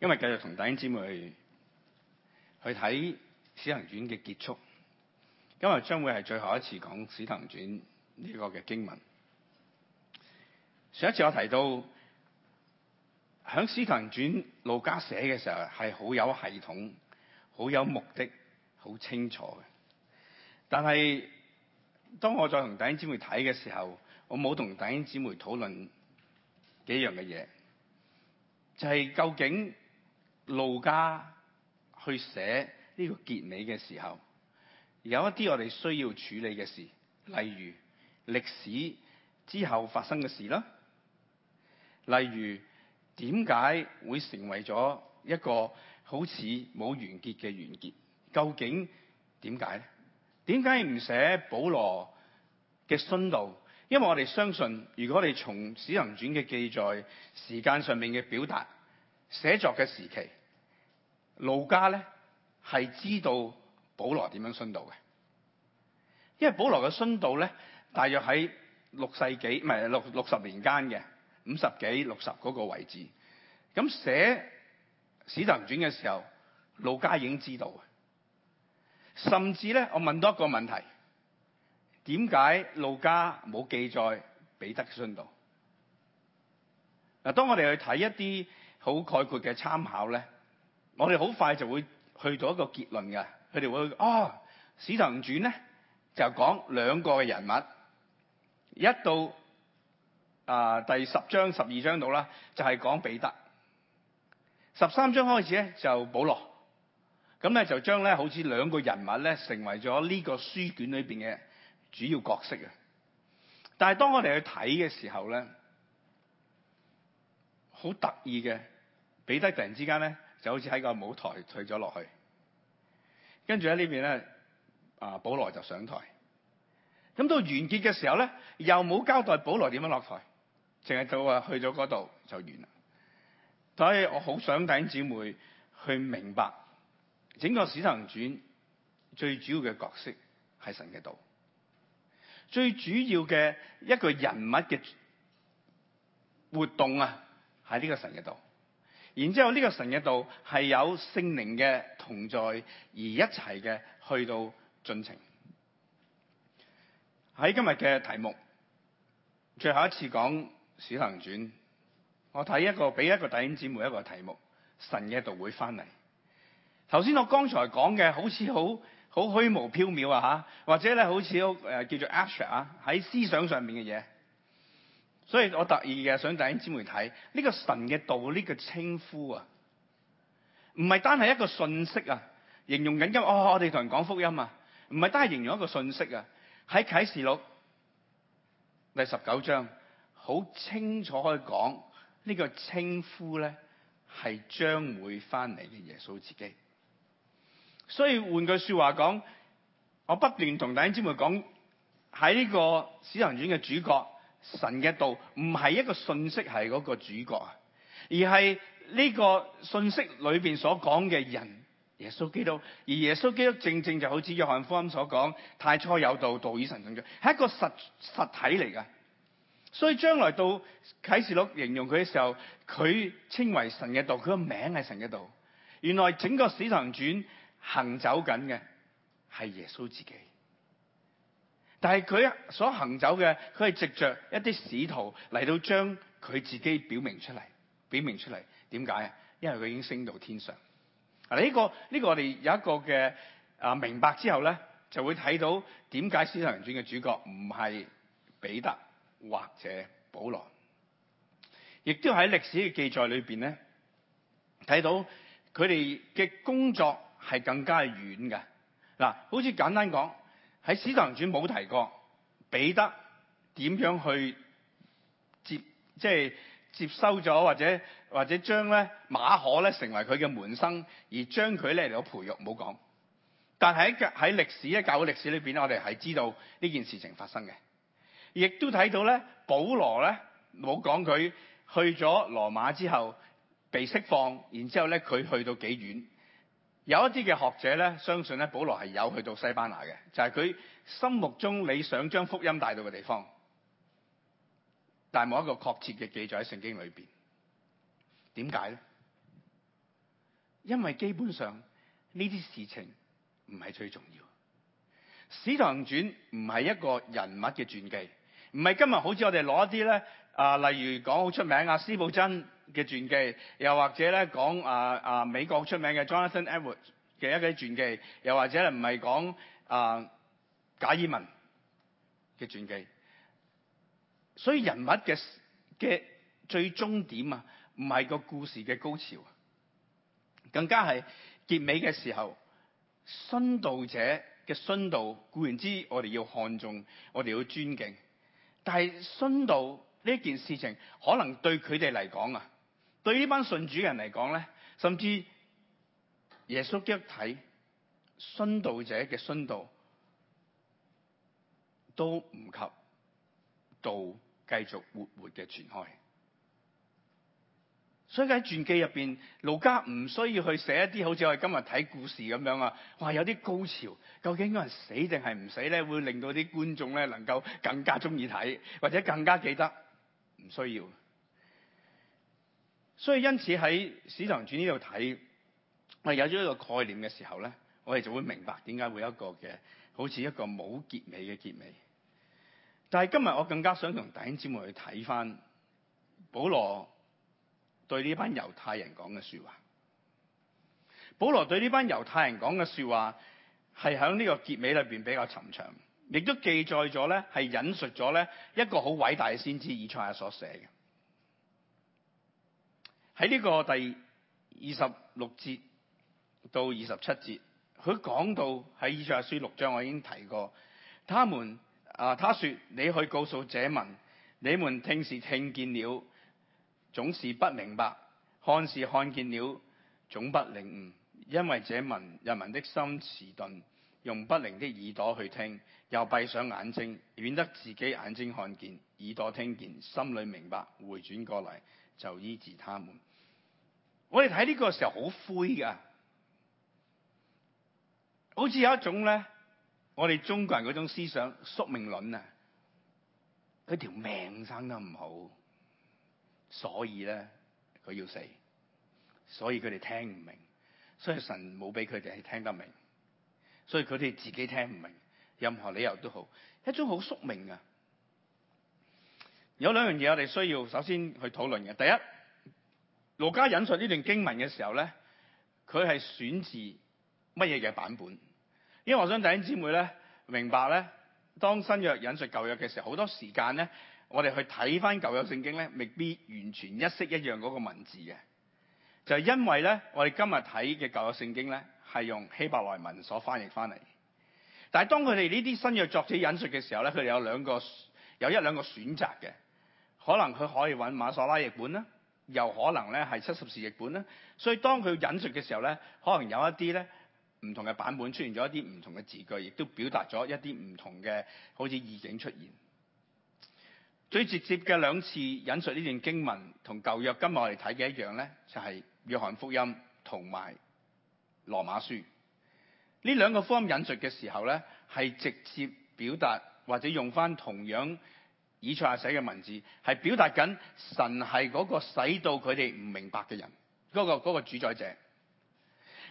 因為繼續同弟兄姊妹去去睇《使徒行傳》嘅結束，今日將會係最後一次講《使徒行傳》呢個嘅經文。上一次我提到，喺《使徒行傳》路加寫嘅時候係好有系統、好有目的、好清楚嘅。但係當我再同弟兄姊妹睇嘅時候，我冇同弟兄姊妹討論幾樣嘅嘢，就係、是、究竟。路加去寫呢個結尾嘅時候，有一啲我哋需要處理嘅事，例如歷史之後發生嘅事啦，例如點解會成為咗一個好似冇完結嘅完結？究竟點解咧？點解唔寫保羅嘅殉道？因為我哋相信，如果我哋從《使徒行傳》嘅記載、時間上面嘅表達、寫作嘅時期。路加咧係知道保羅點樣殉道嘅，因為保羅嘅殉道咧大約喺六世紀唔係六六十年間嘅五十幾六十嗰個位置，咁寫使徒行傳嘅時候，路加已經知道，甚至咧我問多一個問題，點解路加冇記載彼得嘅殉道？嗱，當我哋去睇一啲好概括嘅參考咧。我哋好快就會去到一個結論嘅，佢哋會啊、哦《史滕傳使徒行傳》咧就講兩個嘅人物，一到啊第十章十二章度啦，就係、是、講彼得。十三章開始咧就保羅，咁咧就將咧好似兩個人物咧成為咗呢個書卷裏面嘅主要角色啊！但係當我哋去睇嘅時候咧，好得意嘅，彼得突然之間咧～就好似喺個舞台退咗落去，跟住喺呢邊咧，啊保羅就上台。咁到完結嘅時候咧，又冇交代保羅點樣落台，淨係到啊去咗嗰度就完啦。所以我好想弟兄姊妹去明白，整個《使徒行傳》最主要嘅角色係神嘅道，最主要嘅一個人物嘅活動啊，係呢個神嘅道。然之後呢個神嘅道係有聖靈嘅同在而一齊嘅去到進程。喺今日嘅題目，最後一次講《使徒行傳》，我睇一個俾一個弟兄姊妹一個題目，神嘅道會翻嚟。頭先我剛才講嘅好似好好虛無縹緲啊吓，或者咧好似誒叫做 abstract 啊喺思想上面嘅嘢。所以我特意嘅想弟兄姊妹睇呢，這個神嘅道呢，這個稱呼啊，唔係單係一個信息啊，形容緊，因為我哋同人講福音啊，唔係單係形容一個信息啊。喺啟示錄第十九章好清楚可以講，這個，呢個稱呼咧，係將會翻嚟嘅耶穌自己。所以換句說話講，我不斷同弟兄姊妹講喺呢個使徒行傳嘅主角。神嘅道唔係一個信息，係嗰個主角啊，而係呢個信息裏邊所講嘅人耶穌基督，而耶穌基督正正就好似約翰福音所講，太初有道，道與神同在，係一個實實體嚟噶。所以將來到啟示錄形容佢嘅時候，佢稱為神嘅道，佢個名係神嘅道。原來整個使徒行傳行走緊嘅係耶穌自己。但係佢所行走嘅，佢係藉着一啲使徒嚟到將佢自己表明出嚟，表明出嚟點解啊？因為佢已經升到天上。啊、呢個、呢個呢、呢個，我哋有一個嘅啊明白之後咧，就會睇到點解《使徒行傳》嘅主角唔係彼得或者保羅，亦都喺歷史嘅記載裏邊咧，睇到佢哋嘅工作係更加遠嘅。嗱，好似簡單講。喺《使徒行傳》冇提過彼得點樣去接，即係接收咗，或者或者將咧馬可咧成為佢嘅門生，而將佢咧嚟到培育，冇講。但喺喺歷史咧教會歷史裏邊，我哋係知道呢件事情發生嘅，亦都睇到咧保羅咧冇講佢去咗羅馬之後被釋放，然之後咧佢去到幾遠。有一啲嘅學者咧，相信咧，保羅係有去到西班牙嘅，就係、是、佢心目中理想將福音帶到嘅地方，但係冇一個確切嘅記載喺聖經裏邊。點解咧？因為基本上呢啲事情唔係最重要。《使徒行傳》唔係一個人物嘅傳記，唔係今日好似我哋攞一啲咧啊，例如講好出名啊，司布真。嘅傳記，又或者咧講，啊啊美國出名嘅 Jonathan Edwards 嘅一啲傳記，又或者唔係講啊加爾文嘅傳記。所以人物嘅嘅最終點啊，唔係個故事嘅高潮，更加係結尾嘅時候，殉道者嘅殉道，固然之我哋要看重，我哋要尊敬。但係殉道呢件事情，可能對佢哋嚟講啊～對於呢班信主嘅人嚟講咧，甚至耶穌一睇，殉道者嘅殉道都唔及道繼續活活嘅傳開。所以喺傳記入面，路加唔需要去寫一啲好似我哋今日睇故事咁樣啊！哇，有啲高潮，究竟應該係死定係唔死咧，會令到啲觀眾咧能夠更加鍾意睇，或者更加記得。唔需要。所以因此喺使徒行傳呢度睇，我有咗一個概念嘅時候咧，我哋就會明白點解會有一個嘅好似一個冇結尾嘅結尾。但係今日我更加想同弟兄姊妹去睇翻保羅對呢班猶太人講嘅說話。保羅對呢班猶太人講嘅說話係響呢個結尾裏邊比較沉長，亦都記載咗咧係引述咗咧一個好偉大嘅先知以賽亞所寫嘅。喺呢個第二十六節到二十七節，佢講到喺《以賽亞書》六章，我已經提過。他們啊、呃，他說：你去告訴這民，你們聽是聽見了，總是不明白；看是看見了，總不領悟。因為這民人民的心遲鈍，用不靈的耳朵去聽，又閉上眼睛，免得自己眼睛看見，耳朵聽見，心裏明白，回轉過嚟。就醫治他們。我哋睇呢個時候好灰噶好似有一種咧，我哋中國人嗰種思想宿命論啊，佢條命生得唔好，所以咧佢要死，所以佢哋聽唔明，所以神冇俾佢哋聽得明，所以佢哋自己聽唔明，任何理由都好，一種好宿命啊。有兩樣嘢我哋需要首先去討論嘅。第一，路加引述呢段經文嘅時候咧，佢係選自乜嘢嘅版本？因為我想弟兄姊妹咧明白咧，當新約引述舊約嘅時候，好多時間咧，我哋去睇翻舊約聖經咧，未必完全一式一樣嗰個文字嘅。就係因為咧，我哋今日睇嘅舊約聖經咧，係用希伯來文所翻譯翻嚟。但係當佢哋呢啲新約作者引述嘅時候咧，佢哋有兩個有一兩個選擇嘅。可能佢可以揾馬索拉譯本啦，又可能咧係七十士譯本啦。所以當佢引述嘅時候咧，可能有一啲咧唔同嘅版本出現咗一啲唔同嘅字句，亦都表達咗一啲唔同嘅好似意境出現。最直接嘅兩次引述呢段經文，同舊約今日我哋睇嘅一樣咧，就係、是《約翰福音》同埋《羅馬書》呢兩個福音引述嘅時候咧，係直接表達或者用返同樣。以賽亞寫嘅文字係表達緊神係嗰個使到佢哋唔明白嘅人，嗰個嗰個主宰者。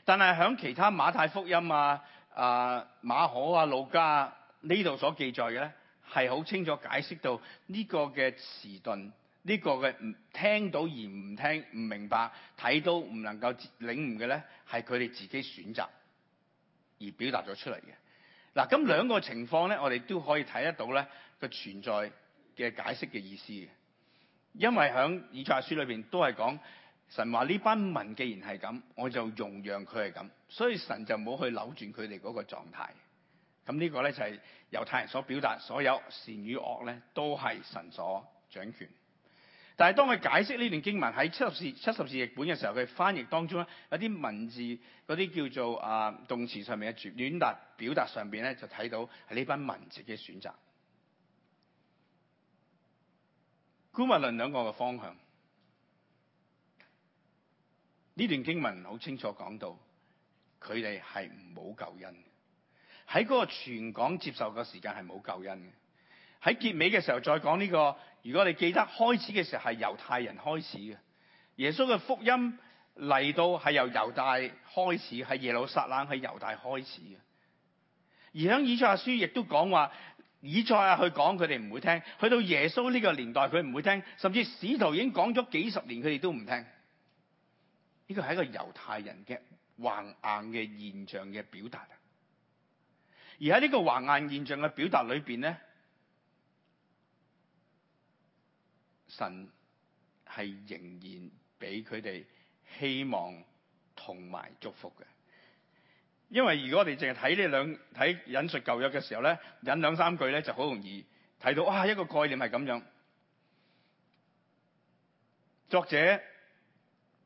但係喺其他馬太福音啊、啊馬可啊、路加啊呢度所記載嘅咧，係好清楚解釋到呢個嘅遲鈍，呢個嘅唔聽到而唔聽唔明白，睇到唔能夠領悟嘅咧，係佢哋自己選擇而表達咗出嚟嘅。嗱，咁兩個情況咧，我哋都可以睇得到咧個存在。嘅解釋嘅意思，因為喺以賽亞書裏邊都係講神話，呢班民既然係咁，我就容讓佢係咁，所以神就冇去扭轉佢哋嗰個狀態。咁呢個咧就係猶太人所表達，所有善與惡咧都係神所掌權。但係當佢解釋呢段經文喺七十士、七十士譯本嘅時候，佢翻譯當中咧有啲文字嗰啲叫做啊動詞上面嘅轉達表達上邊咧就睇到係呢班民自己嘅選擇。古物論兩個嘅方向，呢段經文好清楚講到，佢哋係冇救恩。喺嗰個全港接受嘅時間係冇救恩嘅。喺結尾嘅時候再講呢個，如果你記得開始嘅時候係猶太人開始嘅，耶穌嘅福音嚟到係由猶大開始，喺耶路撒冷係猶大開始嘅。而喺以賽亞書亦都講話。以賽亞，啊，去講佢哋唔會聽，去到耶穌呢個年代佢唔會聽，甚至使徒已經講咗幾十年佢哋都唔聽。呢個係一個猶太人嘅橫硬嘅現象嘅表達。而喺呢個橫硬現象嘅表達裏邊咧，神係仍然俾佢哋希望同埋祝福嘅。因為如果我哋淨係睇呢兩睇引述舊約嘅時候咧，引兩三句咧就好容易睇到啊！一個概念係咁樣，作者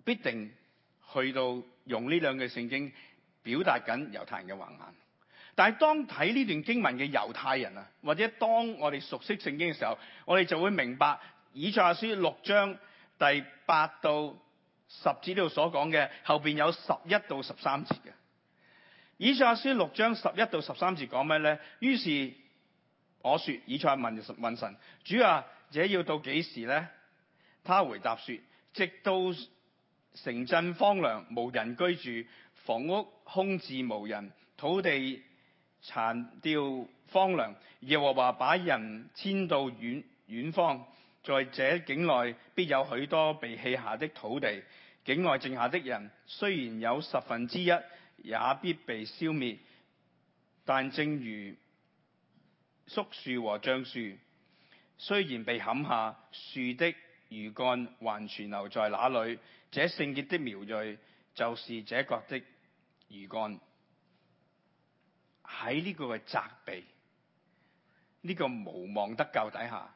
必定去到用呢兩句聖經表達緊猶太人嘅橫眼。但係當睇呢段經文嘅猶太人啊，或者當我哋熟悉聖經嘅時候，我哋就會明白以賽亞書六章第八到十節呢度所講嘅後邊有十一到十三節嘅。以賽亞書六章十一到十三節講咩咧？於是，我說，以賽亞問問神，主啊，這要到幾時咧？他回答說，直到城鎮荒涼，無人居住，房屋空置無人，土地殘掉荒涼，耶和華把人遷到遠遠方，在這境內必有許多被棄下的土地，境外剩下的人雖然有十分之一。也必被消滅，但正如栗樹和橡樹雖然被砍下，樹的餘幹還存留在那裏。這聖潔的苗裔就是這國的餘幹。喺呢個嘅責備，呢、這個無望得救底下，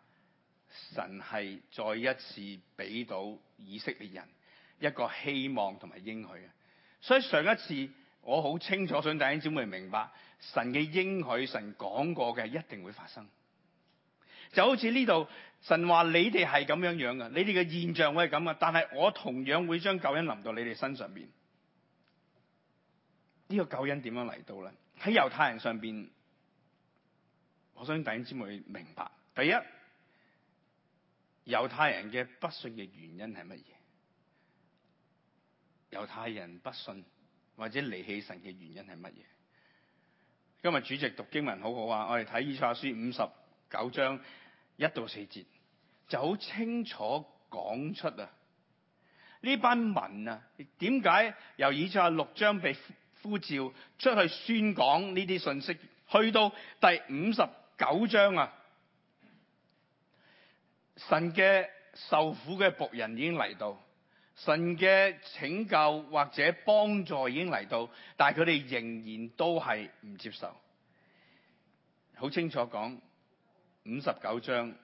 神係再一次俾到以色列人一個希望同埋應許嘅。所以上一次。我好清楚，想弟兄姊妹明白，神嘅應許，神講過嘅一定會發生。就好似呢度，神話你哋係咁樣樣嘅，你哋嘅現象會係咁嘅，但係我同樣會將救恩臨到你哋身上邊。呢個救恩點樣嚟到咧？喺猶太人上邊，我想弟兄姊妹明白：第一，猶太人嘅不信嘅原因係乜嘢？猶太人不信。或者離棄神嘅原因係乜嘢？今日主席讀經文好好啊，我哋睇以賽亞書五十九章一到四節，就好清楚講出啊，呢班民啊，點解由以賽亞六章被呼召出去宣講呢啲信息，去到第五十九章啊，神嘅受苦嘅僕人已經嚟到。神嘅拯救或者幫助已經嚟到，但係佢哋仍然都係唔接受。好清楚講五十九章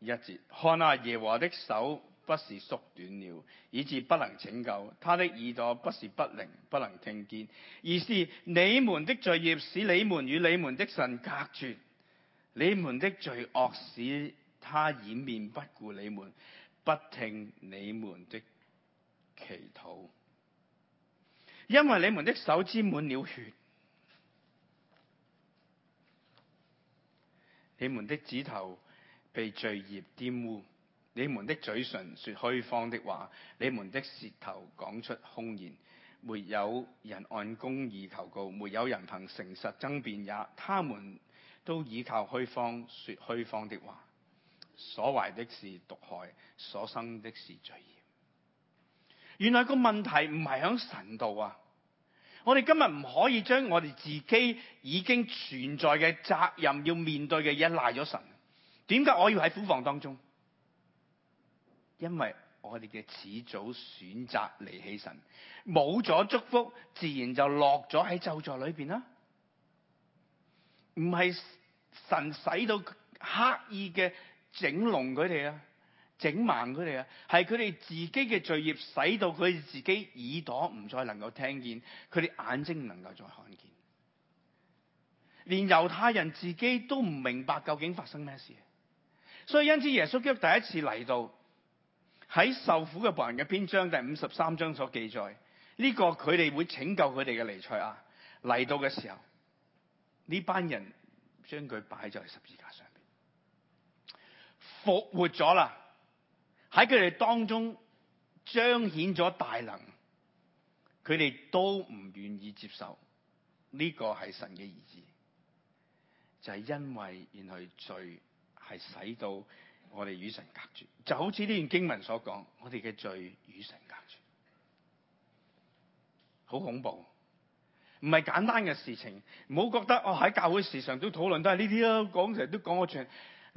一節：「看啊，耶和華的手不是縮短了，以致不能拯救；他的耳朵不是不靈，不能聽見；而是你們的罪孽使你們與你們的神隔絕，你們的罪惡使他掩面不顧你們。不聽你們的祈禱，因為你們的手沾滿了血，你們的指頭被罪孽玷污，你們的嘴唇說虛謊的話，你們的舌頭講出空言，沒有人按公義求告，沒有人憑誠實爭辯，也，他們都倚靠虛謊說虛謊的話。所懷的是毒害，所生的是罪孽。原來個問題唔係響神度啊！我哋今日唔可以將我哋自己已經存在嘅責任要面對嘅嘢賴咗神。點解我要喺苦房當中？因為我哋嘅始祖選擇離棄神，冇咗祝福，自然就落咗喺咒詛裏邊啦、啊。唔係神使到刻意嘅。整聾佢哋啊，整盲佢哋啊，係佢哋自己嘅罪孽，使到佢哋自己耳朵唔再能夠聽見，佢哋眼睛唔能夠再看見。連猶太人自己都唔明白究竟發生咩事，所以因此耶穌基督第一次嚟到喺受苦嘅僕人嘅篇章第五十三章所記載，呢、這個佢哋會拯救佢哋嘅彌賽亞，嚟到嘅時候，呢班人將佢擺在十字架上。復活咗啦！喺佢哋當中彰顯咗大能，佢哋都唔願意接受呢個係神嘅意志，就係、是、因為原來罪係使到我哋與神隔絕。就好似呢段經文所講，我哋嘅罪與神隔絕，好恐怖，唔係簡單嘅事情。唔好覺得我喺教會時常都討論、啊、都係呢啲咯，講成日都講我全。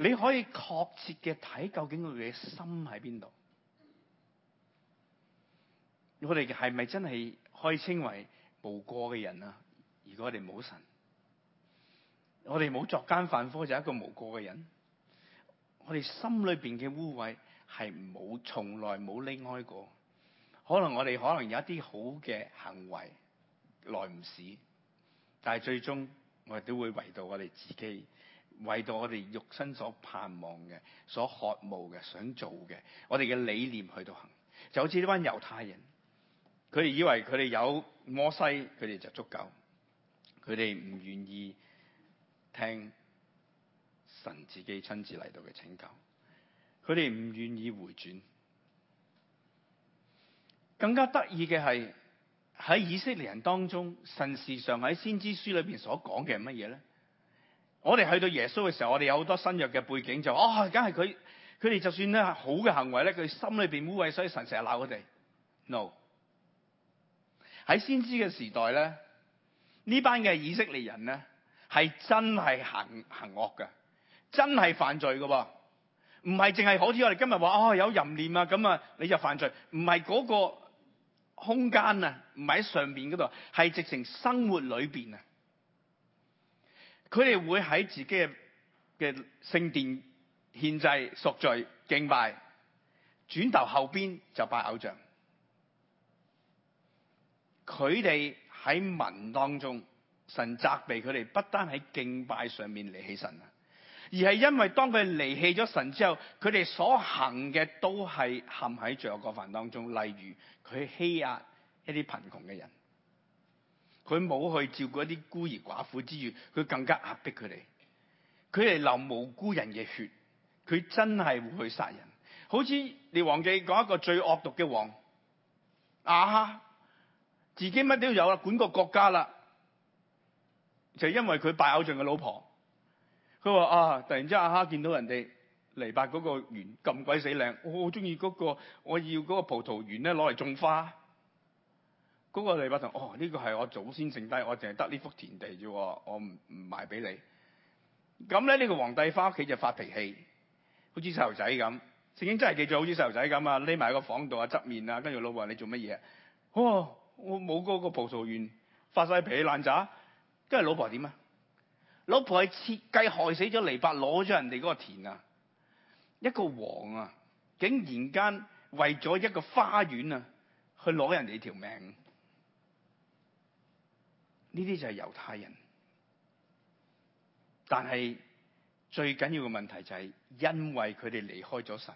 你可以確切嘅睇究竟佢哋嘅心喺邊度？我哋係咪真係可以稱為無過嘅人啊？如果我哋冇神，我哋冇作奸犯科，就係一個無過嘅人。我哋心裏邊嘅污穢係冇，從來冇離開過。可能我哋可能有一啲好嘅行為，來唔切，但係最終我哋都會圍到我哋自己。為到我哋肉身所盼望嘅、所渴慕嘅、想做嘅，我哋嘅理念去到行，就好似呢班猶太人，佢哋以為佢哋有摩西，佢哋就足夠，佢哋唔願意聽神自己親自嚟到嘅請求，佢哋唔願意回轉。更加得意嘅係喺以色列人當中，神事上喺先知書裏邊所講嘅係乜嘢咧？我哋去到耶穌嘅時候，我哋有好多新約嘅背景就，啊、哦，梗係佢，佢哋就算咧係好嘅行為咧，佢心裏邊污穢，所以神成日鬧佢哋。no，喺先知嘅時代咧，呢班嘅以色列人咧係真係行行惡嘅，真係犯罪喎。唔係淨係好似我哋今日話，哦有淫念啊，咁啊你就犯罪，唔係嗰個空間啊，唔係喺上邊嗰度，係直情生活裏邊啊。佢哋會喺自己嘅嘅聖殿獻祭、贖罪、敬拜，轉頭後邊就拜偶像。佢哋喺民當中，神責備佢哋不單喺敬拜上面離棄神啊，而係因為當佢離棄咗神之後，佢哋所行嘅都係陷喺罪惡過犯當中，例如佢欺壓一啲貧窮嘅人。佢冇去照顧一啲孤兒寡婦之餘，佢更加壓迫佢哋。佢哋流無辜人嘅血，佢真係會去殺人。好似你忘記講一個最惡毒嘅王亞哈、啊，自己乜都有管個國家啦。就是、因為佢拜偶像嘅老婆，佢話啊，突然之間亞哈、啊、見到人哋尼伯嗰個園咁鬼死靚，我好中意嗰個，我要嗰個葡萄園咧攞嚟種花。嗰個拿伯同哦，呢個係我祖先剩低，我淨係得呢幅田地啫，我唔唔賣俾你。咁咧，呢個皇帝翻屋企就發脾氣，好似細路仔咁。聖經真係記住，好似細路仔咁啊，匿埋個房度啊，側面啊，跟住老婆話你做乜嘢？哦，我冇嗰個葡萄園，發晒脾氣爛渣。跟住老婆話點啊？老婆係設計害死咗拿伯，攞咗人哋嗰個田啊！一個王啊，竟然間為咗一個花園啊，去攞人哋條命。呢啲就係猶太人，但係最緊要嘅問題就係，因為佢哋離開咗神，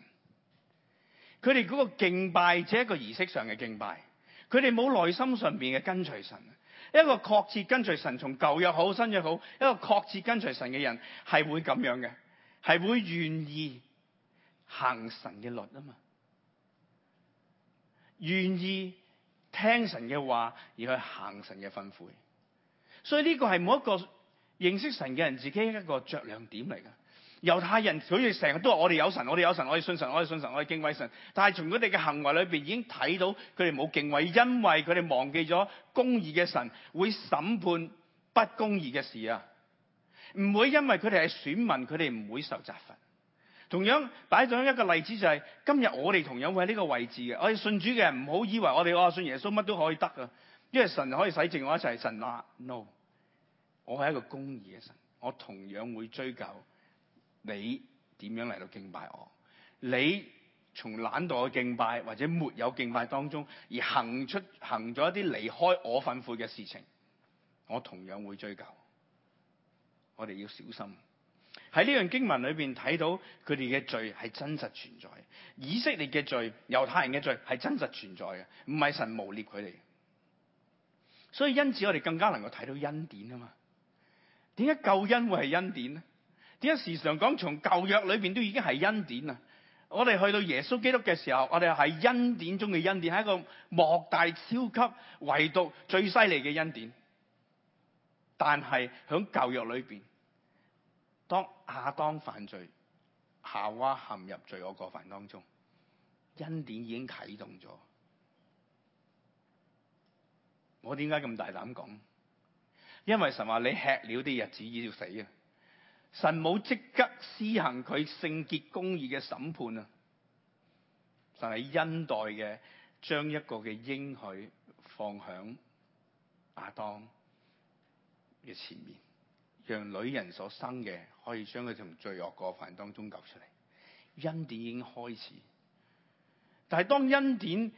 佢哋嗰個敬拜即係一個儀式上嘅敬拜，佢哋冇內心上邊嘅跟隨神。一個確切跟隨神從舊又好新又好，一個確切跟隨神嘅人係會咁樣嘅，係會願意行神嘅律啊嘛，願意聽神嘅話而去行神嘅吩咐。所以呢個係每一個認識神嘅人自己一個着亮點嚟嘅，猶太人佢哋成日都話我哋有神，我哋有神，我哋信神，我哋信神，我哋敬畏神。但係從佢哋嘅行為裏邊已經睇到佢哋冇敬畏，因為佢哋忘記咗公義嘅神會審判不公義嘅事啊。唔會因為佢哋係選民，佢哋唔會受責罰。同樣擺咗一個例子就係、是、今日我哋同樣會喺呢個位置嘅，我哋信主嘅人唔好以為我哋我、哦、信耶穌乜都可以得啊，因為神可以使淨我一齊，神 no 我係一個公義嘅神，我同樣會追究你點樣嚟到敬拜我。你從懶惰嘅敬拜或者沒有敬拜當中而行出行咗一啲離開我吩咐嘅事情，我同樣會追究。我哋要小心，喺呢樣經文裏邊睇到佢哋嘅罪係真實存在。以色列嘅罪、猶太人嘅罪係真實存在嘅，唔係神污衊佢哋。所以因此我哋更加能夠睇到恩典啊嘛。點解救恩會係恩典呢？點解時常講，從舊約裏邊都已經係恩典啊？我哋去到耶穌基督嘅時候，我哋係恩典中嘅恩典，係一個莫大、超級、唯獨最犀利嘅恩典。但係喺舊約裏邊，當亞當犯罪，夏娃陷入罪惡過犯當中，恩典已經啟動咗。我點解咁大膽講？因為神話你吃了啲日子你要死啊！神冇即刻施行佢聖潔公義嘅審判啊，但係恩待嘅將一個嘅應許放響亞當嘅前面，讓女人所生嘅可以將佢從罪惡過犯當中救出嚟。恩典已經開始，但係當恩典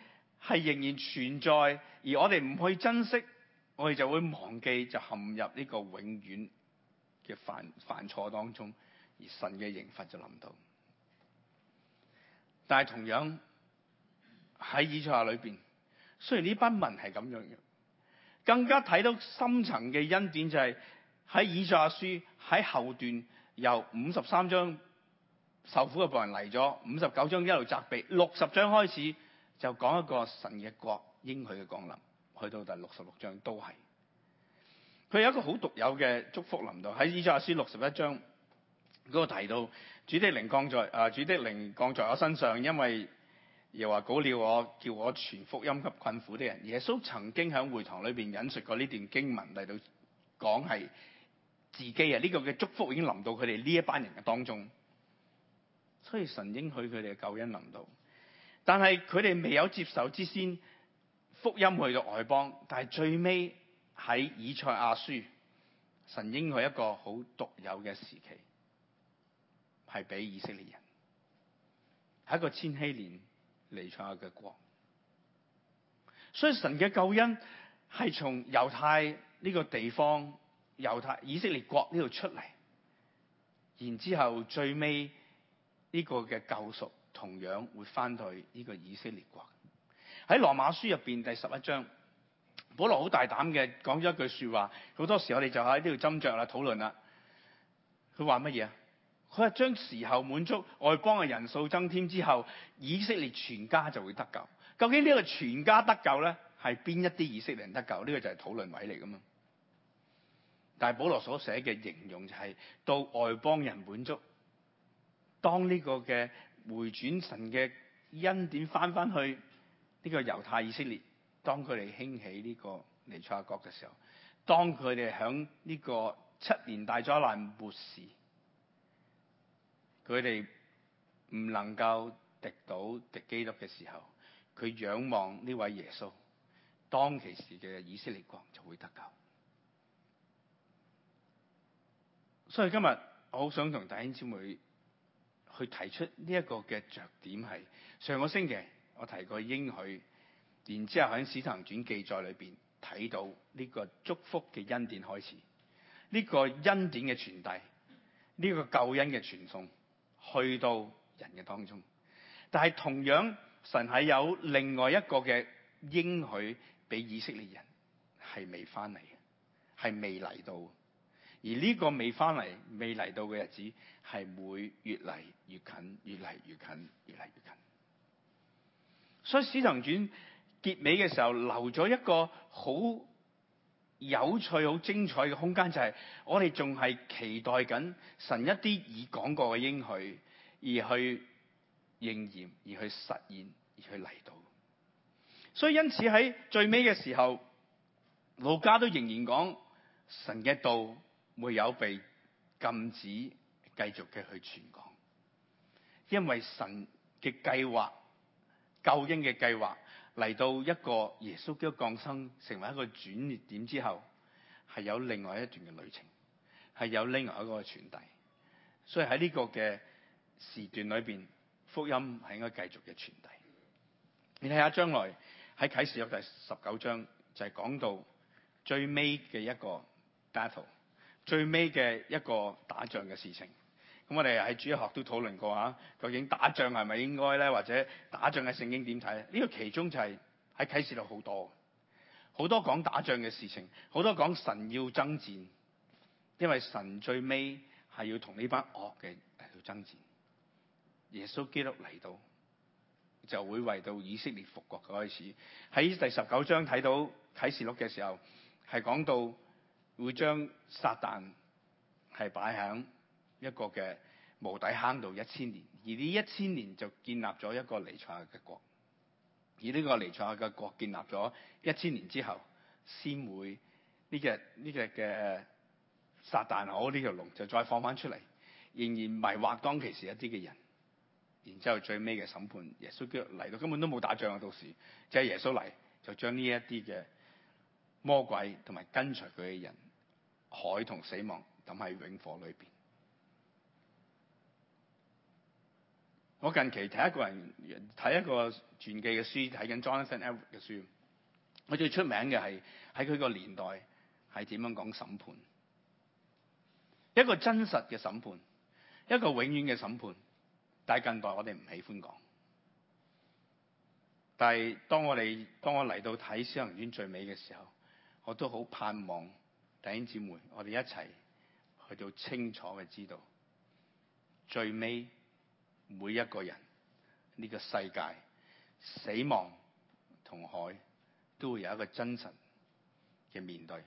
係仍然存在，而我哋唔去珍惜。我哋就會忘記，就陷入呢個永遠嘅犯犯錯當中，而神嘅刑罰就臨到。但係同樣喺以賽亞裏邊，雖然呢班民係咁樣嘅，更加睇到深層嘅恩典就係、是、喺以賽亞書喺後段由五十三章受苦嘅僕人嚟咗，五十九章一路責備，六十章開始就講一個神嘅國應許嘅降臨。去到第六十六章都係，佢有一個好獨有嘅祝福臨到喺以賽亞書六十一章嗰度提到，主的靈降在啊主的靈降在我身上，因為又話膏了我，叫我傳福音給困苦的人。耶穌曾經響會堂裏邊引述過呢段經文嚟到講係自己啊，呢個嘅祝福已經臨到佢哋呢一班人嘅當中，所以神應許佢哋嘅救恩臨到，但係佢哋未有接受之先。福音去到外邦，但係最尾喺以賽亞書，神應許一個好獨有嘅時期，係俾以色列人，係一個千禧年彌賽亞嘅國。所以神嘅救恩係從猶太呢個地方、猶太以色列國呢度出嚟，然之後最尾呢個嘅救贖同樣會翻到呢個以色列國。喺羅馬書入邊第十一章，保羅好大膽嘅講咗一句說話，好多時我哋就喺呢度斟酌啦，討論啦。佢話乜嘢？佢話將時候滿足外邦嘅人數增添之後，以色列全家就會得救。究竟呢個全家得救咧，係邊一啲以色列人得救？呢個就係討論位嚟噶嘛。但係保羅所寫嘅形容就係到外邦人滿足，當呢個嘅回轉神嘅恩典翻翻去。呢個猶太以色列，當佢哋興起呢個尼賽亞國嘅時候，當佢哋響呢個七年大災難末時，佢哋唔能夠敵到敵基督嘅時候，佢仰望呢位耶穌，當其時嘅以色列國就會得救。所以今日我好想同弟兄姊妹去提出呢一個嘅着點係上個星期。我提過應許，然之後喺《使徒行傳》記載裏邊睇到呢個祝福嘅恩典開始，呢個恩典嘅傳遞，呢個救恩嘅傳送去到人嘅當中。但係同樣，神係有另外一個嘅應許俾以色列人，係未翻嚟嘅，係未嚟到。而呢個未翻嚟、未嚟到嘅日子，係會越嚟越近，越嚟越近，越嚟越近。越所以《使徒行傳》結尾嘅時候留咗一個好有趣、好精彩嘅空間，就係、是、我哋仲係期待緊神一啲已講過嘅應許，而去應驗、而去實現、而去嚟到。所以因此喺最尾嘅時候，路加都仍然講，神嘅道沒有被禁止，繼續嘅去傳講，因為神嘅計劃。救恩嘅計劃嚟到一個耶穌基督降生成為一個轉折點之後，係有另外一段嘅旅程，係有另外一個傳遞。所以喺呢個嘅時段裏邊，福音係應該繼續嘅傳遞。你睇下將來喺啟示錄第十九章，就係講到最尾嘅一個 battle，最尾嘅一個打仗嘅事情。咁我哋喺主日學都討論過啊，究竟打仗係咪應該咧？或者打仗嘅聖經點睇咧？呢個其中就係喺啟示錄好多，好多講打仗嘅事情，好多講神要爭戰，因為神最尾係要同呢班惡嘅嚟到爭戰。耶穌基督嚟到就會為到以色列復國嘅開始。喺第十九章睇到啟示錄嘅時候，係講到會將撒旦係擺響一個嘅無底坑度一千年，而呢一千年就建立咗一個彌賽亞嘅國，而呢個彌賽亞嘅國建立咗一千年之後，先會呢隻呢隻嘅撒旦猴，呢條龍就再放翻出嚟，仍然迷惑當其時一啲嘅人，然之後最尾嘅審判，耶穌叫嚟到根本都冇打仗啊，到時就係，就係耶穌嚟就將呢一啲嘅魔鬼同埋跟隨佢嘅人，海同死亡抌喺永火裏邊。我近期睇一個人睇一個傳記嘅書，睇緊 Jonathan Edwards 嘅書。佢最出名嘅係喺佢個年代係點樣講審判，一個真實嘅審判，一個永遠嘅審判。但係近代我哋唔喜歡講。但係當我哋當我嚟，到睇《使徒行傳》最尾嘅時候，我都好盼望弟兄姊妹，我哋一齊去到清楚嘅知道最尾。每一個人，呢、這個世界死亡同海都會有一個真實嘅面對。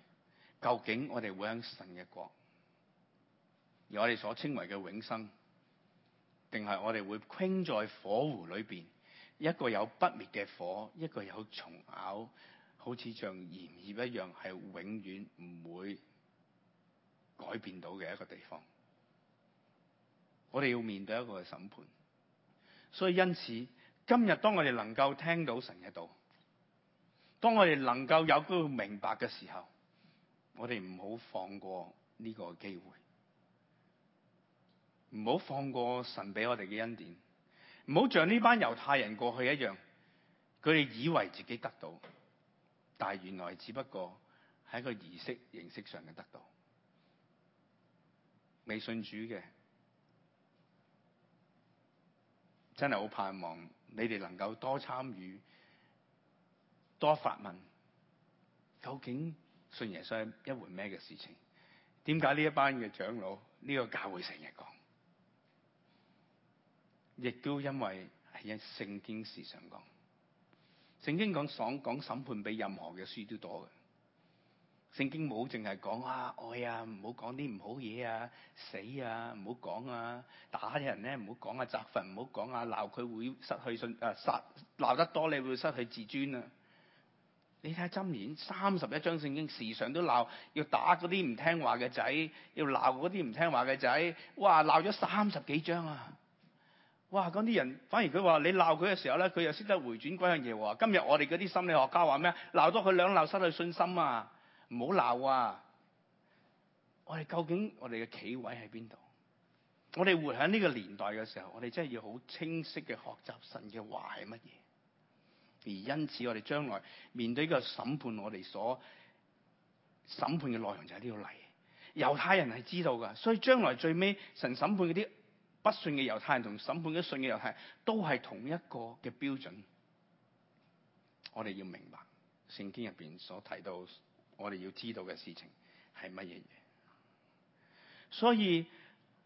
究竟我哋會響神嘅國，而我哋所稱為嘅永生，定係我哋會傾在火湖裏邊？一個有不滅嘅火，一個有蟲咬，好似像鹽業一樣，係永遠唔會改變到嘅一個地方。我哋要面對一個審判，所以因此今日當我哋能夠聽到神嘅道，當我哋能夠有嗰個明白嘅時候，我哋唔好放過呢個機會，唔好放過神俾我哋嘅恩典，唔好像呢班猶太人過去一樣，佢哋以為自己得到，但係原來只不過係一個儀式形式上嘅得到，未信主嘅。真係好盼望你哋能夠多參與，多發問，究竟信耶穌係一回咩嘅事情？點解呢一班嘅長老呢個教會成日講，亦都因為係喺聖經時常講，聖經講講講審判比任何嘅書都多。聖經冇淨係講啊愛啊，唔好講啲唔好嘢啊，死啊，唔好講啊，打啲人咧，唔好講啊，責罰唔好講啊，鬧佢會失去信啊，殺鬧得多你會失去自尊啊。你睇下今年三十一章聖經時常都鬧，要打嗰啲唔聽話嘅仔，要鬧嗰啲唔聽話嘅仔，哇鬧咗三十幾章啊！哇，嗰啲人反而佢話你鬧佢嘅時候咧，佢又識得回轉嗰樣嘢喎。今日我哋嗰啲心理學家話咩？鬧咗佢兩鬧，失去信心啊！唔好鬧啊！我哋究竟我哋嘅企位喺邊度？我哋活喺呢個年代嘅時候，我哋真係要好清晰嘅學習神嘅話係乜嘢。而因此，我哋將來面對呢個審判，我哋所審判嘅內容就喺呢度嚟。猶太人係知道噶，所以將來最尾神審判嗰啲不信嘅猶太人同審判嗰信嘅猶太人，都係同一個嘅標準。我哋要明白聖經入邊所提到。我哋要知道嘅事情係乜嘢嘢所以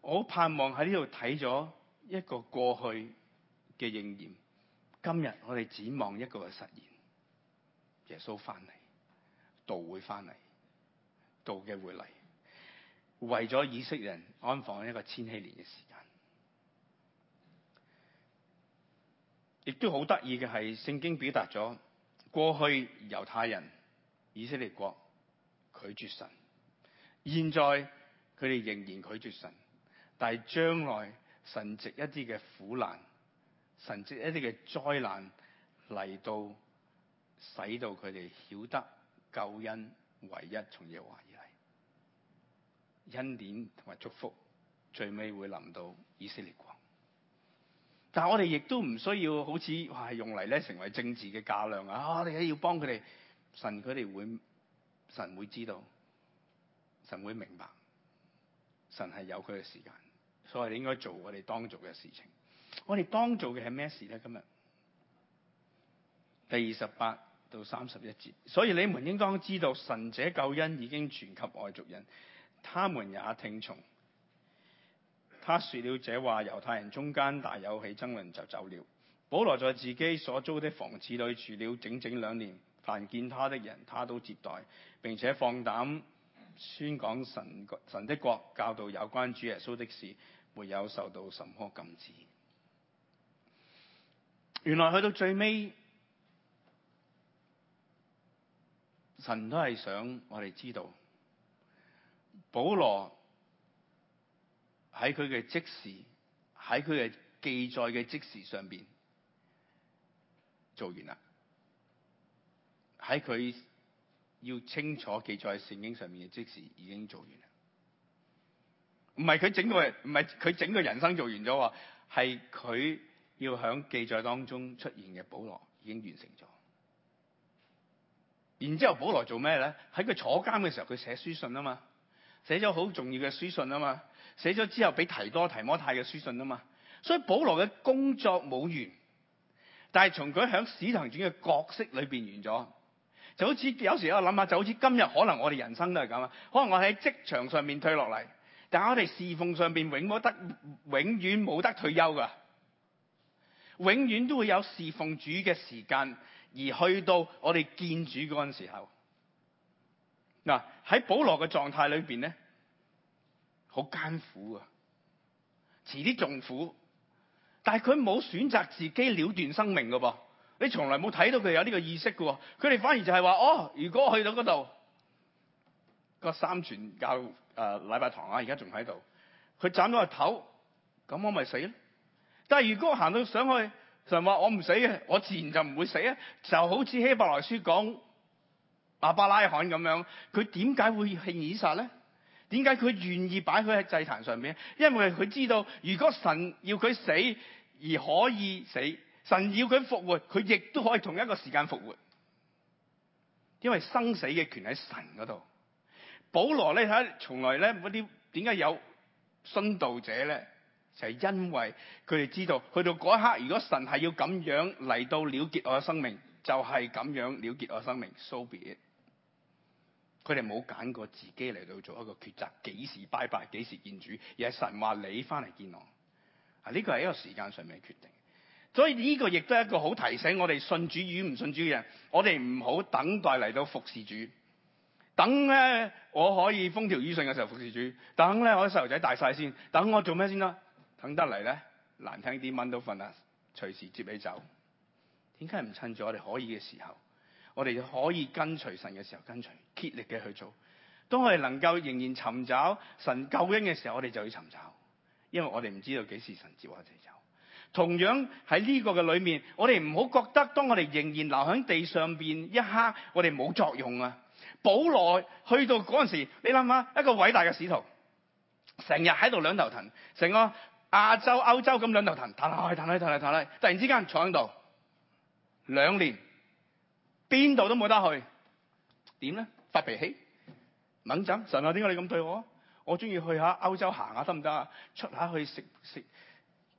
我好盼望喺呢度睇咗一個過去嘅應驗，今日我哋展望一個嘅實現，耶穌翻嚟，道會翻嚟，道嘅會嚟，為咗以色列人安放一個千禧年嘅時間。亦都好得意嘅係，聖經表達咗過去猶太人以色列國拒絕神，現在佢哋仍然拒絕神，但係將來神藉一啲嘅苦難，神藉一啲嘅災難嚟到，使到佢哋曉得救恩唯一從耶和華而嚟，恩典同埋祝福最尾會臨到以色列國。但係我哋亦都唔需要好似話係用嚟咧成為政治嘅較量啊！我哋啊，要幫佢哋神佢哋會。神會知道，神會明白，神係有佢嘅時間，所以你應該做我哋當做嘅事情。我哋當做嘅係咩事咧？今日第二十八到三十一節，所以你們應當知道，神者救恩已經傳給外族人，他們也聽從。他說了這話，猶太人中間大有起爭論，就走了。保羅在自己所租的房子裏住了整整兩年。但見他的人，他都接待，並且放膽宣講神神的國，教導有關主耶穌的事，沒有受到什麼禁止。原來去到最尾，神都係想我哋知道，保羅喺佢嘅即時，喺佢嘅記載嘅即時上邊，做完啦。喺佢要清楚記載喺聖經上面嘅，即時已經做完啦。唔係佢整個人，唔係佢整個人生做完咗，係佢要響記載當中出現嘅保羅已經完成咗。然之後保羅做咩咧？喺佢坐監嘅時候，佢寫書信啊嘛，寫咗好重要嘅書信啊嘛，寫咗之後俾提多、提摩太嘅書信啊嘛。所以保羅嘅工作冇完，但係從佢響使徒行傳嘅角色裏邊完咗。就好似有時候我諗下，就好似今日可能我哋人生都係咁啊！可能我喺職場上面退落嚟，但係我哋侍奉上面永冇得，永遠冇得退休噶，永遠都會有侍奉主嘅時間，而去到我哋見主嗰陣時候，嗱喺保羅嘅狀態裏面咧，好艱苦啊，遲啲仲苦，但係佢冇選擇自己了斷生命噶噃。你從來冇睇到佢有呢個意識嘅喎，佢哋反而就係話：哦，如果我去到嗰度個三全教誒、呃、禮拜堂啊，而家仲喺度，佢斬咗個頭，咁我咪死咯。但係如果我行到上去，神話我唔死嘅，我自然就唔會死啊。就好似希伯來書講亞伯拉罕咁樣，佢點解會獻以撒咧？點解佢願意擺佢喺祭壇上面？因為佢知道，如果神要佢死而可以死。神要佢復活，佢亦都可以同一個時間復活，因為生死嘅權喺神嗰度。保羅咧，睇從來咧嗰啲，點解有殉道者咧，就係因為佢哋知道去到嗰一刻，如果神係要咁樣嚟到了結我嘅生命，就係咁樣了結我嘅生命。So be it。佢哋冇揀過自己嚟到做一個抉擇，幾時拜拜，幾時見主，而係神話你翻嚟見我。啊，呢個係一個時間上面嘅決定。所以呢個亦都係一個好提醒我哋信主與唔信主嘅人，我哋唔好等待嚟到服侍主，等咧我可以風調雨順嘅時候服侍主，等咧我啲細路仔大晒先，等我做咩先啦。等得嚟咧，難聽啲，蚊都瞓啦，隨時接你走。點解唔趁住我哋可以嘅時候，我哋可以跟隨神嘅時候跟隨，竭力嘅去做。當我哋能夠仍然尋找神救恩嘅時候，我哋就要尋找，因為我哋唔知道幾時神接我哋走。同樣喺呢個嘅裏面，我哋唔好覺得當我哋仍然留喺地上面，一刻，我哋冇作用啊！保羅去到嗰陣時，你諗下一個偉大嘅使徒，成日喺度兩頭騰，成個亞洲、歐洲咁兩頭騰，騰嚟騰去，騰嚟騰嚟，突然之間坐喺度兩年，邊度都冇得去，點咧？發脾氣，猛震，神啊，點解你咁對我？我中意去下歐洲行下得唔得啊？出下去食食。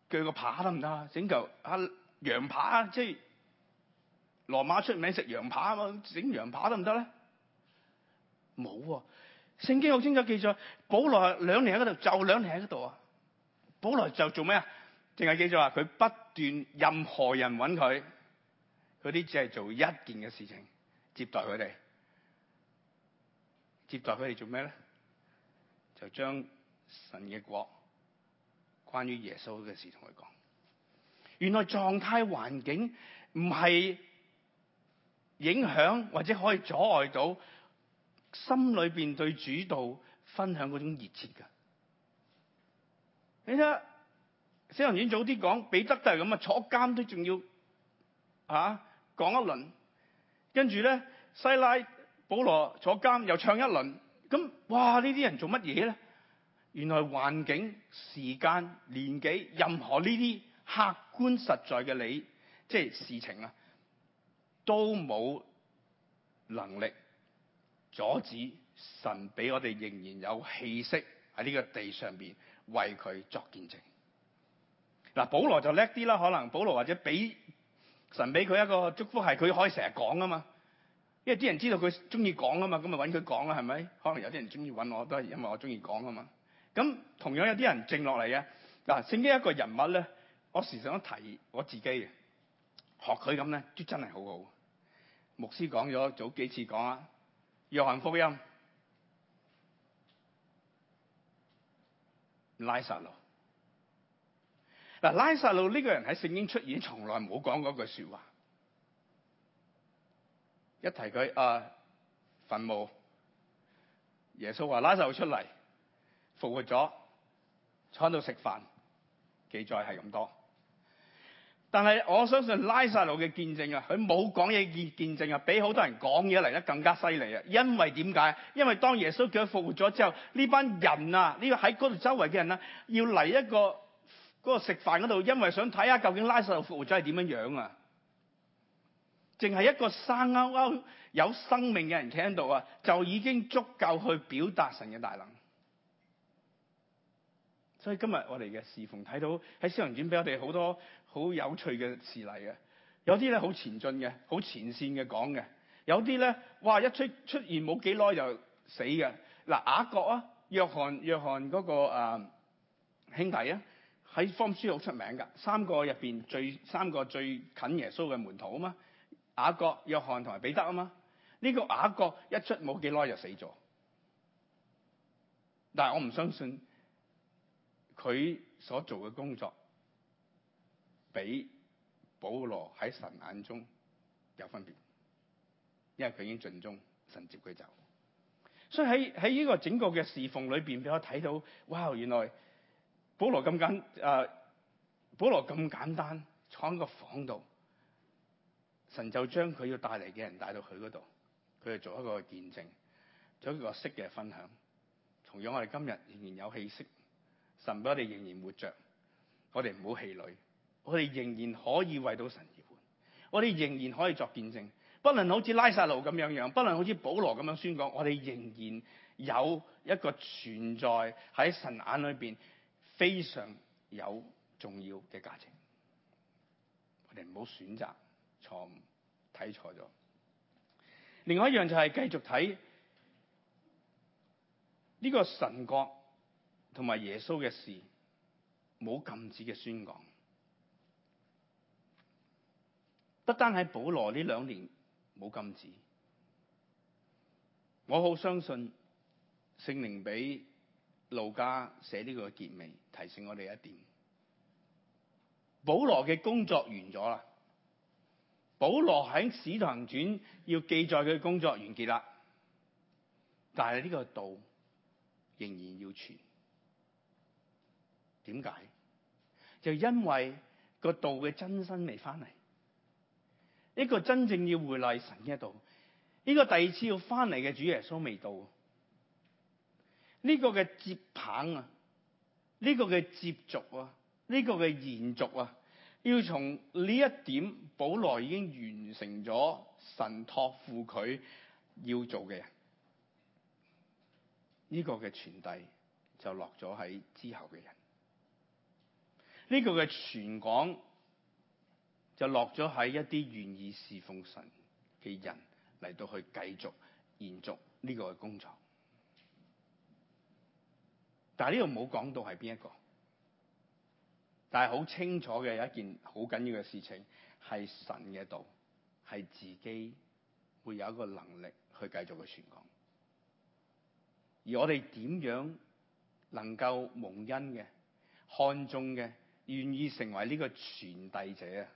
鋸個扒得唔得？整嚿啊羊扒，即係羅馬出名食羊扒啊嘛，整羊扒得唔得咧？冇喎，聖經好清楚記載，保羅兩年喺嗰度就兩年喺嗰度啊。保羅就，就，就做咩啊？淨係記載話佢不斷任何人搵佢，嗰啲只係做一件嘅事情，接待佢哋，接待佢哋做咩咧？就將神嘅國。關於耶穌嘅事同佢講，原來狀態環境唔係影響或者可以阻礙到心裏面對主道分享嗰種熱切嘅。你睇，聖經，早啲講，彼得都係咁啊，坐監都仲要啊講一輪，跟住咧西拉、保羅坐監又唱一輪，咁哇呢啲人做乜嘢咧？原來環境、時間、年紀，任何呢啲客觀實在嘅理，即係事情啊，都冇能力阻止神俾我哋仍然有氣息喺呢個地上邊為佢作見證。嗱，保羅就叻啲啦，可能保羅或者俾神俾佢一個祝福，係佢可以成日講啊嘛。因為啲人知道佢中意講啊嘛，咁咪搵佢講啦，係咪？可能有啲人中意搵我都係因為我中意講啊嘛。咁同樣有啲人靜落嚟嘅嗱，聖經一個人物咧，我時常提我自己嘅，學佢咁咧，都真係好好。牧師講咗早幾次講啊，約翰福音拉撒路。嗱，拉撒路呢個人喺聖經出現，從來冇講過句説話。一提佢啊、呃，墳墓，耶穌話拉撒路出嚟。復活咗，坐喺度食飯，記載係咁多。但係我相信拉撒路嘅見證啊，佢冇講嘢見證啊，比好多人講嘢嚟得更加犀利啊！因為點解？因為當耶穌叫佢復活咗之後，呢班人啊，呢個喺嗰度周圍嘅人啊，要嚟一個嗰、嗰個食飯嗰度，因為想睇下究竟拉撒路復活咗係點樣樣啊！淨係一個生勾勾有生命嘅人企喺度啊，就已經足夠去表達神嘅大能。所以今日我哋嘅侍奉睇到喺使徒行傳俾我哋好多好有趣嘅事例嘅，有啲咧好前進嘅、好前線嘅講嘅，有啲咧哇一出出現冇幾耐又死嘅。嗱，雅各啊，約翰約翰嗰、嗰個、啊、兄弟啊，喺方書好出名噶，三個入邊最三個最近耶穌嘅門徒啊嘛，雅各、約翰同埋彼得啊嘛，呢個雅各一出冇幾耐就死咗，但係我唔相信。佢所做嘅工作，畀保羅喺神眼中有分別，因為佢已經盡忠，神接佢走。所以喺喺呢個整個嘅侍奉裏邊，畀我睇到，哇！原來保羅咁簡，誒、呃，保羅咁簡單，坐喺個房度，神就將佢要帶嚟嘅人帶到佢度，佢就做一個見證，做一個色嘅分享。同樣，我哋今日仍然有氣息。神俾我哋仍然活着，我哋唔好氣餒，我哋仍然可以為到神而活，我哋仍然可以作見證。不論好似拉撒路咁樣樣，不論好似保羅咁樣宣講，我哋仍然有一個存在喺神眼裏邊非常有重要嘅價值。我哋唔好選擇錯誤，睇錯咗。另外一樣就係繼續睇呢個神國。同埋耶穌嘅事冇禁止嘅宣講，不單喺保羅呢兩年冇禁止，我好相信聖靈俾路加寫呢個結尾，提醒我哋一點：保羅嘅工作完咗啦，保羅喺使徒行傳要記載佢嘅工作完結啦，但係呢個道仍然要傳。點解？就因為個道嘅真身未翻嚟，呢、呢個真正要回嚟神嘅道，呢、呢個第二次要翻嚟嘅主耶穌未到，呢、呢個嘅接棒啊，呢、呢個嘅接續啊，呢、呢個嘅延續啊，要從呢一點，保羅已經完成咗神託付佢要做嘅，人、這、呢個嘅傳遞就落咗喺之後嘅人。呢個嘅傳講就落咗喺一啲願意侍奉神嘅人嚟，到去繼續延續呢個嘅工作，但係呢度冇講到係邊一個，但係好清楚嘅有一件好緊要嘅事情係神嘅道，係自己會有一個能力去繼續去傳講，而我哋點樣能夠蒙恩嘅、看中嘅？願意成為呢個傳遞者，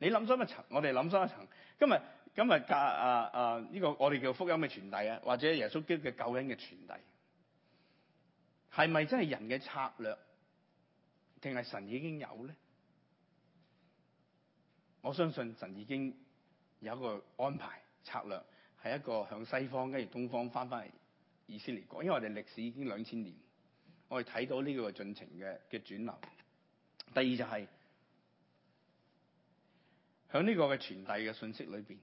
想什麼想什麼啊？你諗深一層？我哋諗深一層。今日今日教啊啊，呢個我哋叫福音嘅傳遞啊，或者耶穌基督嘅救恩嘅傳遞，係咪真係人嘅策略，定係神已經有咧？我相信神已經有一個安排策略，係一個向西方跟住東方翻返嚟意思嚟講，因為我哋歷史已經兩千年。我哋睇到呢個進程嘅嘅轉流。第二就係響呢個嘅傳遞嘅信息裏邊，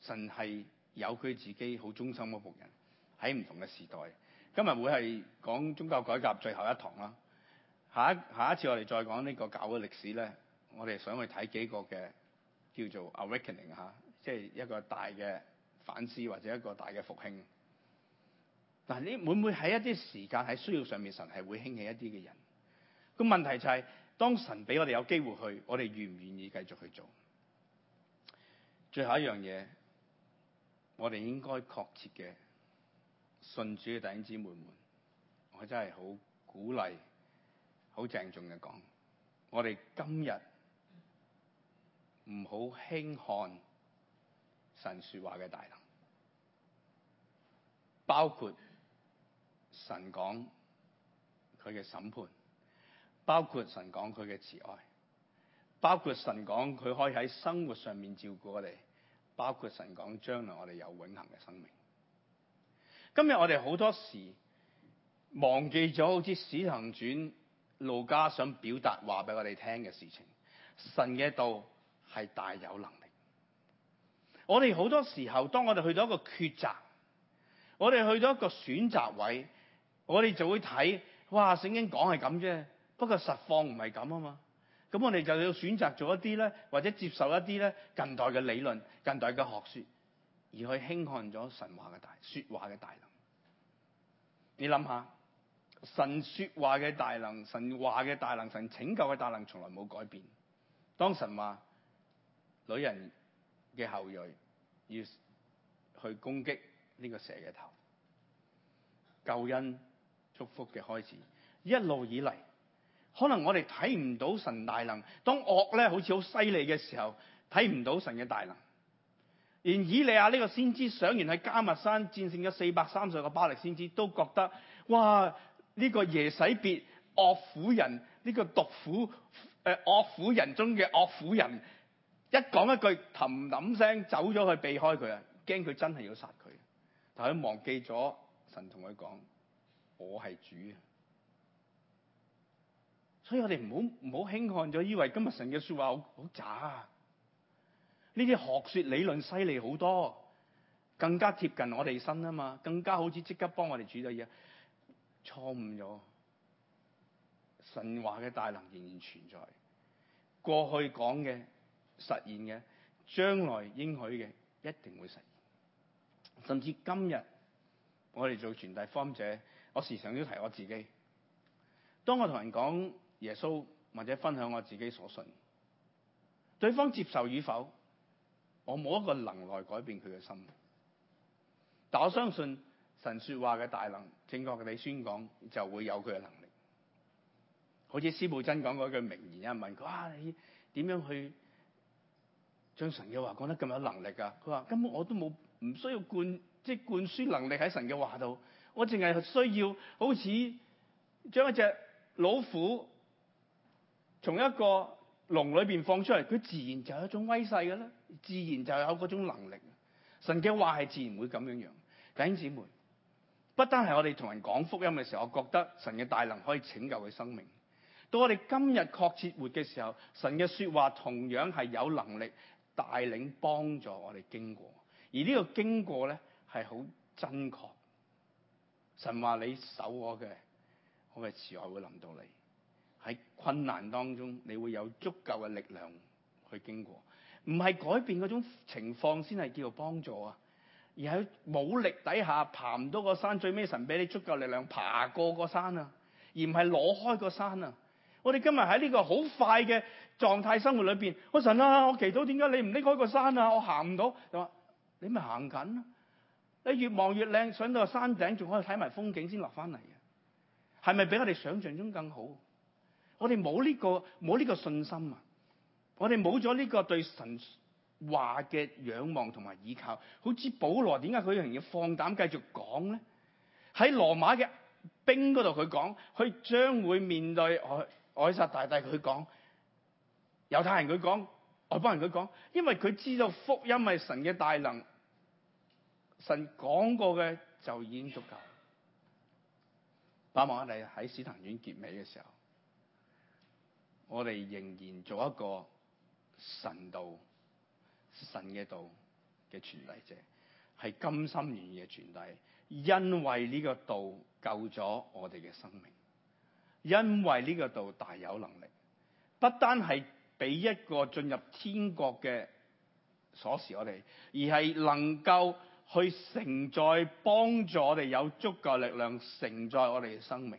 神係有佢自己好忠心嘅僕人，喺唔同嘅時代，今日會係講宗教改革最後一堂啦。下一下一次我哋再講呢個教嘅歷史咧，我哋想去睇幾個嘅叫做 awakening 吓，即係一個大嘅反思或者一個大嘅復興。但係，呢會唔會喺一啲時間喺需要上面，神係會興起一啲嘅人？個問題就係當神俾我哋有機會去，我哋願唔願意繼續去做？最後一樣嘢，我哋應該確切嘅，信主嘅弟兄姊妹們，我真係好鼓勵，好鄭重嘅講，我哋今日唔好輕看神說話嘅大能，包括。神講佢嘅審判，包括神講佢嘅慈愛，包括神講佢可以喺生活上面照顧我哋，包括神講將來我哋有永恆嘅生命。今日我哋好多時忘記咗，好似《使徒行傳》、《路加》想表達話俾我哋聽嘅事情。神嘅道係大有能力。我哋好多時候，當我哋去到一個抉擇，我哋去到一個選擇位。我哋就會睇，哇！聖經講係咁啫，不過實況唔係咁啊嘛。咁我哋就要選擇做一啲咧，或者接受一啲咧近代嘅理論、近代嘅學說，而去輕看咗神話嘅大說話嘅大能。你諗下，神說話嘅大能、神話嘅大能、神拯救嘅大能，從來冇改變。當神話女人嘅後裔要去攻擊呢個蛇嘅頭，救恩。祝福嘅開始，一路以嚟，可能我哋睇唔到神大能。當惡咧好似好犀利嘅時候，睇唔到神嘅大能。連以利亞呢個先知，上完喺迦密山戰勝咗四百三十個巴力先知，都覺得哇！呢、這個耶洗別惡婦人，呢、這個毒婦誒惡婦人中嘅惡婦人，一講一句氹冧聲走咗去避開佢啊，驚佢真係要殺佢。但佢忘記咗神同佢講。我係主啊！所以我哋唔好唔好輕看咗，以為今日神嘅説話好好渣啊！呢啲學説理論犀利好多，更加貼近我哋身啊嘛，更加好似即刻幫我哋處理嘢。錯誤咗，神話嘅大能仍然存在，過去講嘅、實現嘅、將來應許嘅，一定會實現。甚至今日我哋做傳遞方者。我時常都提我自己。當我同人講耶穌，或者分享我自己所信，對方接受與否，我冇一個能來改變佢嘅心。但我相信神說話嘅大能，正確地宣講就會有佢嘅能力。好似司布真講嗰句名言，有人問佢，啊，你點樣去將神嘅話講得咁有能力㗎？佢話根本我都冇，唔需要灌，即係灌輸能力喺神嘅話度。我淨係需要好似將一隻老虎從一個籠裏邊放出嚟，佢自然就有一種威勢㗎喇，自然就有嗰種能力。神嘅話係自然會咁樣樣。弟兄姊妹，不單係我哋同人講福音嘅時候，我覺得神嘅大能可以拯救佢生命。到我哋今日確切活嘅時候，神嘅說話同樣係有能力帶領幫助我哋經過，而呢個經過咧係好真確。神話你守我嘅，我嘅慈愛會臨到你。喺困難當中，你會有足夠嘅力量去經過。唔係改變嗰種情況先係叫做幫助啊，而喺冇力底下爬唔到個山，最尾神俾你足夠力量爬過個山啊，而唔係攞開個山啊。我哋今日喺呢個好快嘅狀態生活裏邊，我神啊，我祈禱點解你唔拎開個山啊，我行唔到。就話你咪行緊啊。你越望越靚，上到山頂仲可以睇埋風景先落翻嚟嘅，係咪比我哋想象中更好？我哋冇呢個冇呢個信心啊！我哋冇咗呢個對神話嘅仰望同埋倚靠。好似保羅，點解佢仍然要放膽繼續講咧？喺羅馬嘅兵嗰度佢講，佢將會面對凱凱撒大帝佢講，猶太人佢講，外邦人佢講，因為佢知道福音係神嘅大能。神講過嘅就已經足夠了。打望我哋喺使徒行傳結尾嘅時候，我哋仍然做一個神道、神嘅道嘅傳遞者，係甘心願意嘅傳遞，因為呢個道救咗我哋嘅生命，因為呢個道大有能力，不單係俾一個進入天國嘅鎖匙我哋，而係能夠。去承載，幫助我哋有足夠力量承載我哋嘅生命，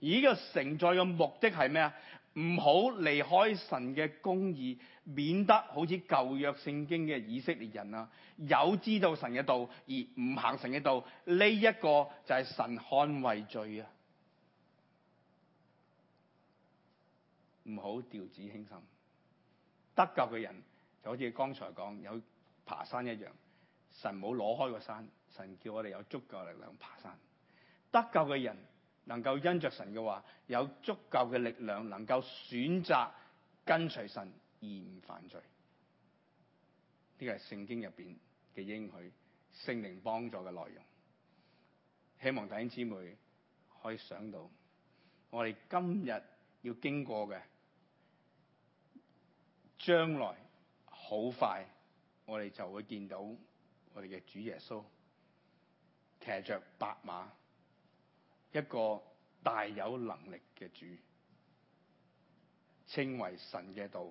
而呢個承載嘅目的係咩啊？唔好離開神嘅公義，免得好似舊約聖經嘅以色列人啊，有知道神嘅道而唔行神嘅道，呢一個就係神捍衛罪啊！唔好掉以輕心，得救嘅人就好似剛才講有爬山一樣。神冇攞開個山，神叫我哋有足夠力量爬山。得救嘅人能夠因着神嘅話，有足夠嘅力量，能夠選擇跟隨神而唔犯罪。呢個係聖經入邊嘅應許，聖靈幫助嘅內容。希望弟兄姊妹可以想到，我哋今日要經過嘅，將來好快我哋就會見到。我哋嘅主耶穌騎着白馬，一個大有能力嘅主，稱為神嘅道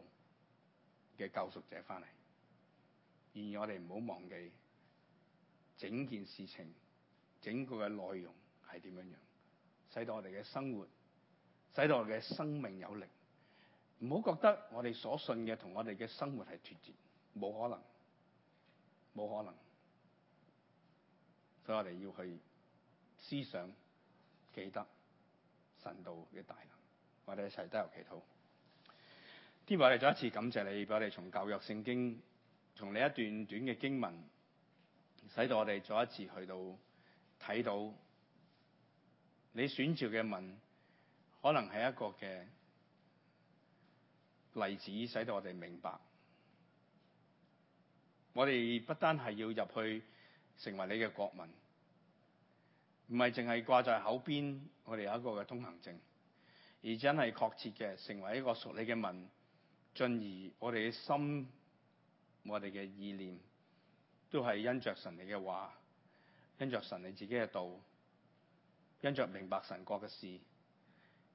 嘅救贖者翻嚟。然而我哋唔好忘記整件事情，整個嘅內容係點樣樣，使到我哋嘅生活，使到我哋嘅生命有力。唔好覺得我哋所信嘅同我哋嘅生活係脫節，冇可能，冇可能。所以我哋要去思想，記得神道嘅大能，我哋一齊加有祈禱。天父，我哋再一次感謝你，我哋從舊約聖經，從你一段短嘅經文，使到我哋再一次去到睇到你選召嘅民，可能係一個嘅例子，使到我哋明白，我哋不單係要入去。成為你嘅國民，唔係淨係掛在口邊，我哋有一個嘅通行證，而真係確切嘅成為一個屬你嘅民，進而我哋嘅心、我哋嘅意念，都係因着神你嘅話，因着神你自己嘅道，因着明白神國嘅事，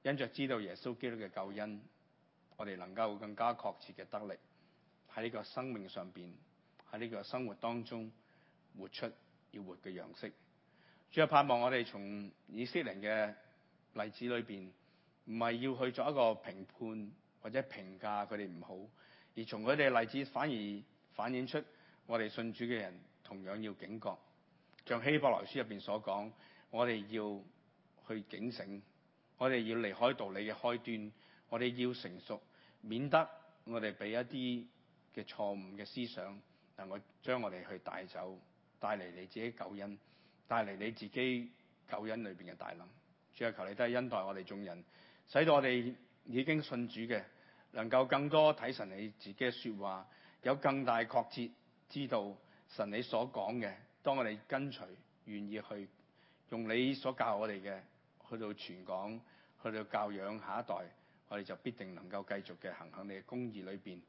因着知道耶穌基督嘅救恩，我哋能夠更加確切嘅得力喺呢個生命上邊，喺呢個生活當中。活出要活嘅樣式，主要盼望我哋從以色列嘅例子裏邊，唔係要去做一個評判或者評價佢哋唔好，而從佢哋嘅例子反而反映出我哋信主嘅人同樣要警覺，像希伯來書入邊所講，我哋要去警醒，我哋要離開道理嘅開端，我哋要成熟，免得我哋俾一啲嘅錯誤嘅思想能夠將我哋去帶走。帶嚟你自己救恩，帶嚟你自己救恩裏邊嘅大能。主啊，求你都係恩待我哋眾人，使到我哋已經信主嘅，能夠更多睇神你自己嘅説話，有更大確切知道神你所講嘅。當我哋跟隨，願意去用你所教我哋嘅，去到傳講，去到教養下一代，我哋就必定能夠繼續嘅行行你嘅公義裏邊。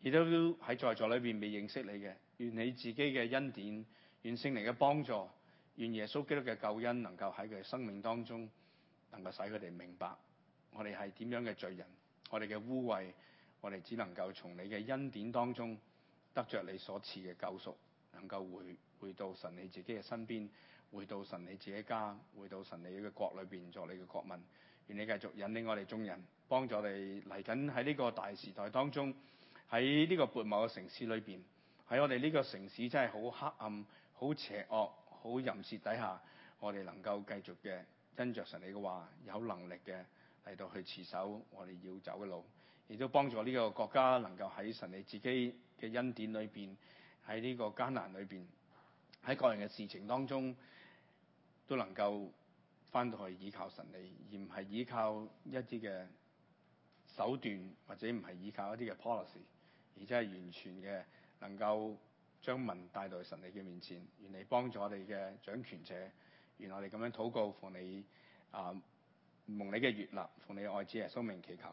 亦都喺在，在座裏邊未認識你嘅，願你自己嘅恩典。願聖靈嘅幫助，願耶穌基督嘅救恩能夠喺佢生命當中，能夠使佢哋明白，我哋係點樣嘅罪人，我哋嘅污穢，我哋只能夠從你嘅恩典當中得着你所賜嘅救贖，能夠回回到神你自己嘅身邊，回到神你自，自己家，回到神你嘅國裏邊做你嘅國民。願你繼續引領我哋眾人，幫助我哋嚟緊喺呢個大時代當中，喺呢個悖謬嘅城市裏邊，喺我哋呢個城市真係好黑暗。好邪惡、好淫褻底下，我哋能夠繼續嘅跟著神你嘅話，有能力嘅嚟到去持守我哋要走嘅路，亦都幫助呢個國家能夠喺神你自己嘅恩典裏面，喺呢個艱難裏面，喺各人嘅事情當中，都能夠翻到去依靠神你，而唔係依靠一啲嘅手段或者唔係依靠一啲嘅 policy，而且係完全嘅能夠。將民帶到神你的面前，願你幫助我們的掌權者，願我們這樣禱告，奉你啊，蒙你嘅悅納，奉你的愛子嘅生命祈求。